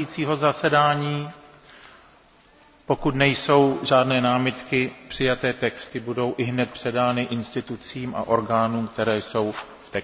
řídícího zasedání. Pokud nejsou žádné námitky, přijaté texty budou ihned předány institucím a orgánům, které jsou v textu